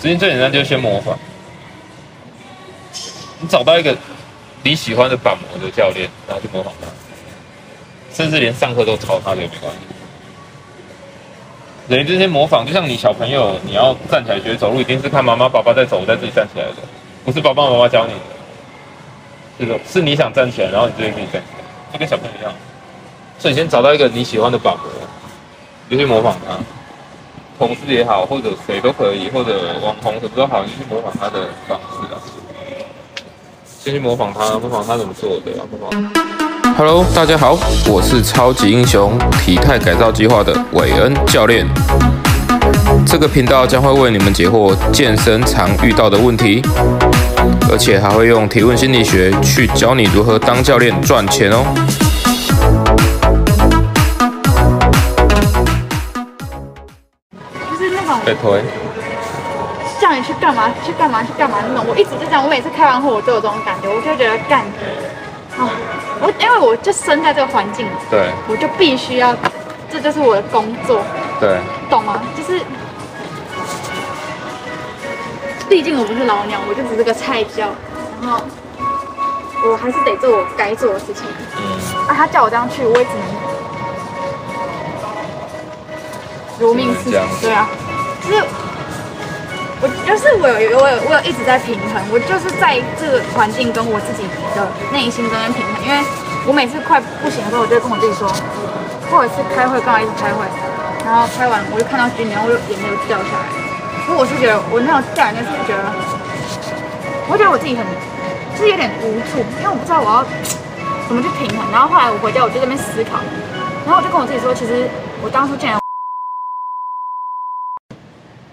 首先最簡單就先模仿，你找到一個你喜歡的板模的教練，然後去模仿他，甚至連上課都抄他都沒關係。等於這些模仿，就，就像你小朋友，你要站起來學走路，一定是看媽媽爸爸在走在自己站起來的，不是爸爸媽媽教你的，是是你想站起來，然後你直接自己站起來，就跟小朋友一樣。所以先找到一個你喜歡的板模，就去模仿他。同事也好，或者誰都可以，或者網紅什麼都好，你去模仿他的方式啊，先去模仿他，模仿他怎麼做對吧模仿哈嘍，Hello, 大家好，我是超級英雄體態改造計劃的偉恩教練。這個頻道將會為你們解惑健身常遇到的問題，而且還會用提問心理學去教你如何當教練賺錢哦。對腿，這樣你去幹嘛？去幹嘛？去幹嘛？那種，我一直就這樣，我每次開完會，我都有這種感覺，我就覺得幹，啊，我因為我就生在這個環境，對，我就必須要，這就是我的工作，對，懂嗎？就是，畢竟我不是老娘，我就只是個菜椒，然後我還是得做我該做的事情，嗯，啊，他叫我這樣去，我也只能、嗯、如命似對啊。就是我，就是我有我有我有一直在平衡，我就是在這個環境跟我自己的內心中間平衡。因為我每次快不行的時候，我就跟我自己說，或者是開會，剛好一直開會，然後開完我就看到軍，然後我就也沒有掉下來。不過我是覺得我那種掉眼淚，就是覺得，我覺得我自己很，就是有點無助，因為我不知道我要怎麼去平衡。然後後來我回家，我就在那邊思考，然後我就跟我自己說，其實我當初竟然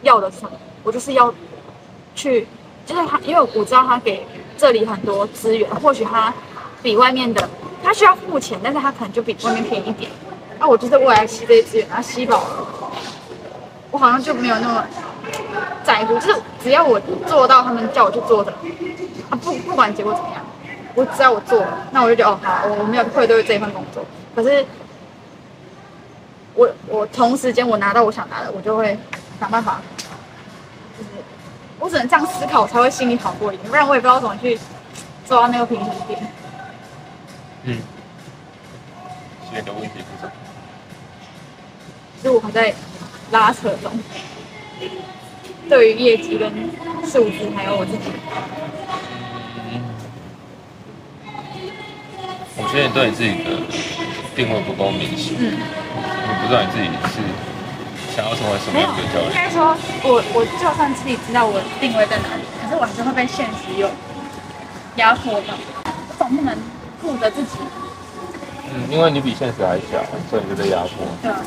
要的是什麼？我就是要去，就是他，因為我知道他給這裡很多資源，或許他比外面的他需要付錢，但是他可能就比外面便宜一點。啊，我就是過來吸這些資源，然後吸飽了，我好像就沒有那麼在乎，就是只要我做到他們叫我去做的，啊不不管結果怎麼樣，我只要我做了，那我就覺得哦好，我沒有愧對這一份工作。可是我我同時間我拿到我想拿的，我就會。想辦法，就、嗯、是我只能這樣思考，我才會心裡好過一點。不然我也不知道怎麼去做到那個平衡點。嗯，現在的問題是，其實我還在拉扯中，對於業績跟數字還有我自己。嗯，我覺得你對你自己的定位不夠明顯。嗯，你不知道你自己是想要什麼什麼，應該說，我我就算自己知道我定位在哪裡，可是我還是會被現實有壓迫的，總不能顧着自己。嗯，因為你比現實還小，所以你就被壓迫。對、啊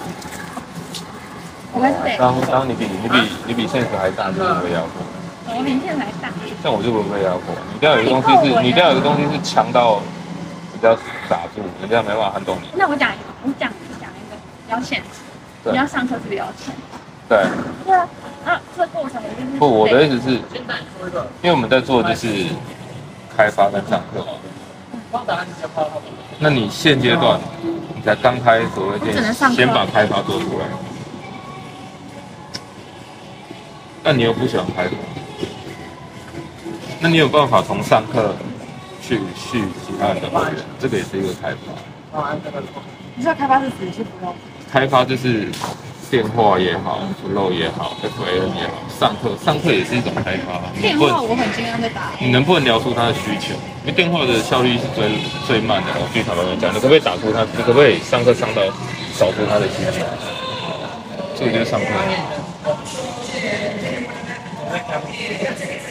哦我。當當你比你比你比現實、啊、還大，你不會壓迫。哦、我比現實還大。像我就不會被壓迫，你一定要有個東西是你一定要有個東西是強到，你要打住，人、嗯、家沒辦法撼動你。那我講一個，我講講一個比較現實。你要上課是比較難。對。對不，我的意思是，因為我們在做就是開發跟上課。嗯、那你現階段、嗯、你才剛開所謂，只能上課，先把開發做出來。那、嗯、你又不喜歡開發，那你有辦法從上課去去其他的、嗯、這個也是一個開發。嗯嗯、你知道開發是自己去不用。開發就是電話也好，群聊也好，FM 也，也好。上課，上課也是一種開發。電話我很經常在打能能。你能不能聊出他的需求？因為電話的效率是最最慢的。我經常都會講，你可不可以打出他？你可不可以上課上到找出他的需求？這就是上課。嗯、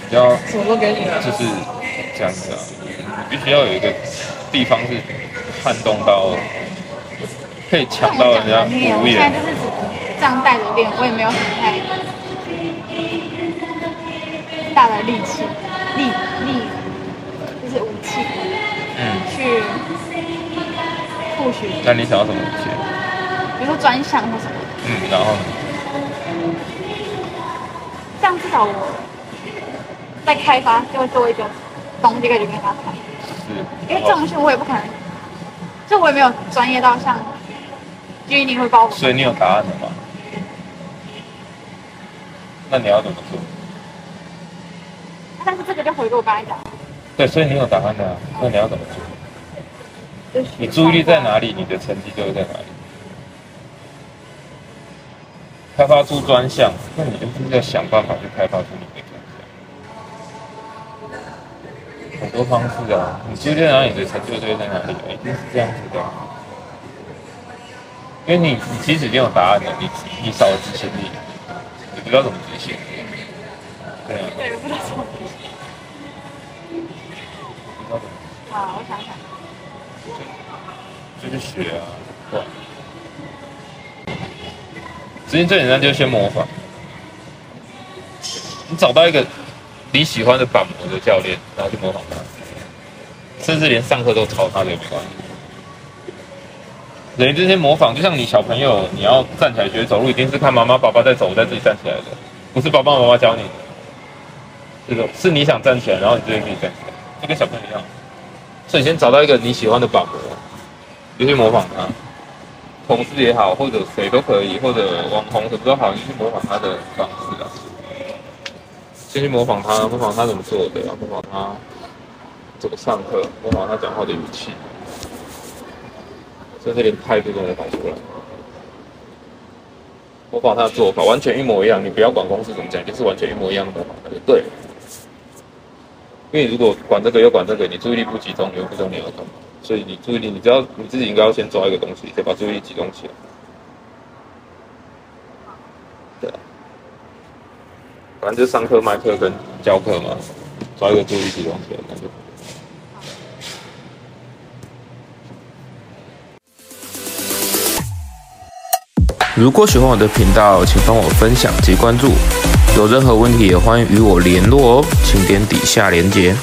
你要。什麼都給你就是這樣子啊，必須要有一個地方是撼動到。可以搶到人家面的。我現在就是這樣帶着練，我也沒有什麼太大的力氣、力力，就是武器。嗯。去獲取。那你想要什麼武器？比如說專項或什麼。嗯，然後。這樣至少我在開發，就會做一個東西可以去跟他是。因為這種事我也不可能，就我也沒有專業到像。所以你有答案了嗎？嗯、那你要怎麼做、啊？但是這個就回路一的。對，所以你有答案的啊？那你要怎麼做、嗯？你注意力在哪裡，你的成績就會在哪裡。嗯、開發出專項、嗯，那你就是要想辦法去開發出你的專項。很多方式的、啊，你注意力哪裡，你的成就就在哪裡，一、嗯、定、欸、是這樣子的。因為你你其實已經有答案了，你你，你少了執行力，你不知道怎麼執行、嗯，對啊。不知道怎麼。不知道怎、嗯、啊，我想想。這、就是學啊，對。直接最簡單就先模仿。你找到一個你喜歡的板模的教練，然後去模仿他，甚至連上課都抄他的都沒關係。人家這些模仿，就像你小朋友，你要站起來學走路，一定是看媽媽、爸爸在走，在自己站起來的，不是爸爸媽媽教你的、嗯，是是，你想站起來，然後你就可以站起來，就跟小朋友一樣。所以你先找到一個你喜歡的榜樣，就去模仿他，同事也好，或者誰都可以，或者網紅什麼都好，你去模仿他的方式啊。先去模仿他，模仿他怎麼做的、啊，模仿他怎麼上課，模仿他講話的語氣。就是連態度都沒擺出來，我把他的做法完全一模一樣，你不要管公司怎麼講，就是完全一模一樣的。對，因為你如果管這個又管這個，你注意力不集中，你又不知道你要幹嘛？所以你注意力，你知道你自己應該要先抓一個東西，先把注意力集中起來。對啊，反正就是上課、賣課跟教課嘛，抓一個注意力集中起來。如果喜歡我的頻道，請幫我分享及關注。有任何問題也歡迎與我聯絡哦，請點底下連結。